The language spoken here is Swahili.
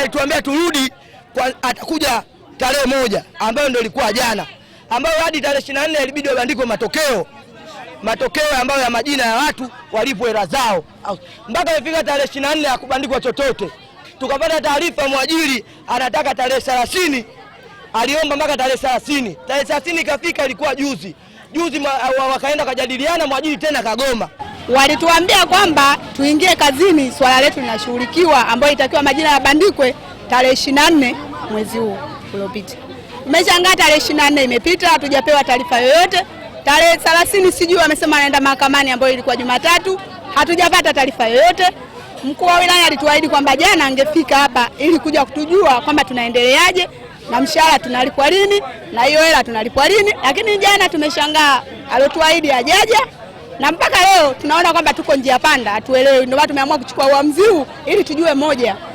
alituambia turudi kwa, atakuja tarehe moja ambayo ndio ilikuwa jana, ambayo hadi tarehe ishirini na nne ilibidi wabandikwe matokeo matokeo ambayo ya majina ya watu walipo hela zao, mpaka ifika tarehe ishirini na nne hakubandikwa chochote. Tukapata taarifa mwajiri anataka tarehe thelathini, aliomba mpaka tarehe thelathini. Tarehe thelathini ikafika, ilikuwa juzi juzi, wakaenda wakajadiliana, mwajiri tena kagoma walituambia kwamba tuingie kazini, swala letu linashughulikiwa, ambayo itakiwa majina yabandikwe tarehe 24 mwezi huu uliopita. Umeshangaa tarehe 24 imepita, hatujapewa taarifa yoyote. Tarehe 30 sijui wamesema anaenda mahakamani, ambayo ilikuwa Jumatatu, hatujapata taarifa yoyote. Mkuu wa wilaya alituahidi kwamba jana angefika hapa ili kuja kutujua kwamba tunaendeleaje na mshahara tunalipwa lini na hiyo hela tunalipwa lini, lakini jana tumeshangaa, aliotuahidi ajaja na mpaka leo tunaona kwamba tuko njia panda, hatuelewi. Ndio maana tumeamua kuchukua uamuzi huu ili tujue moja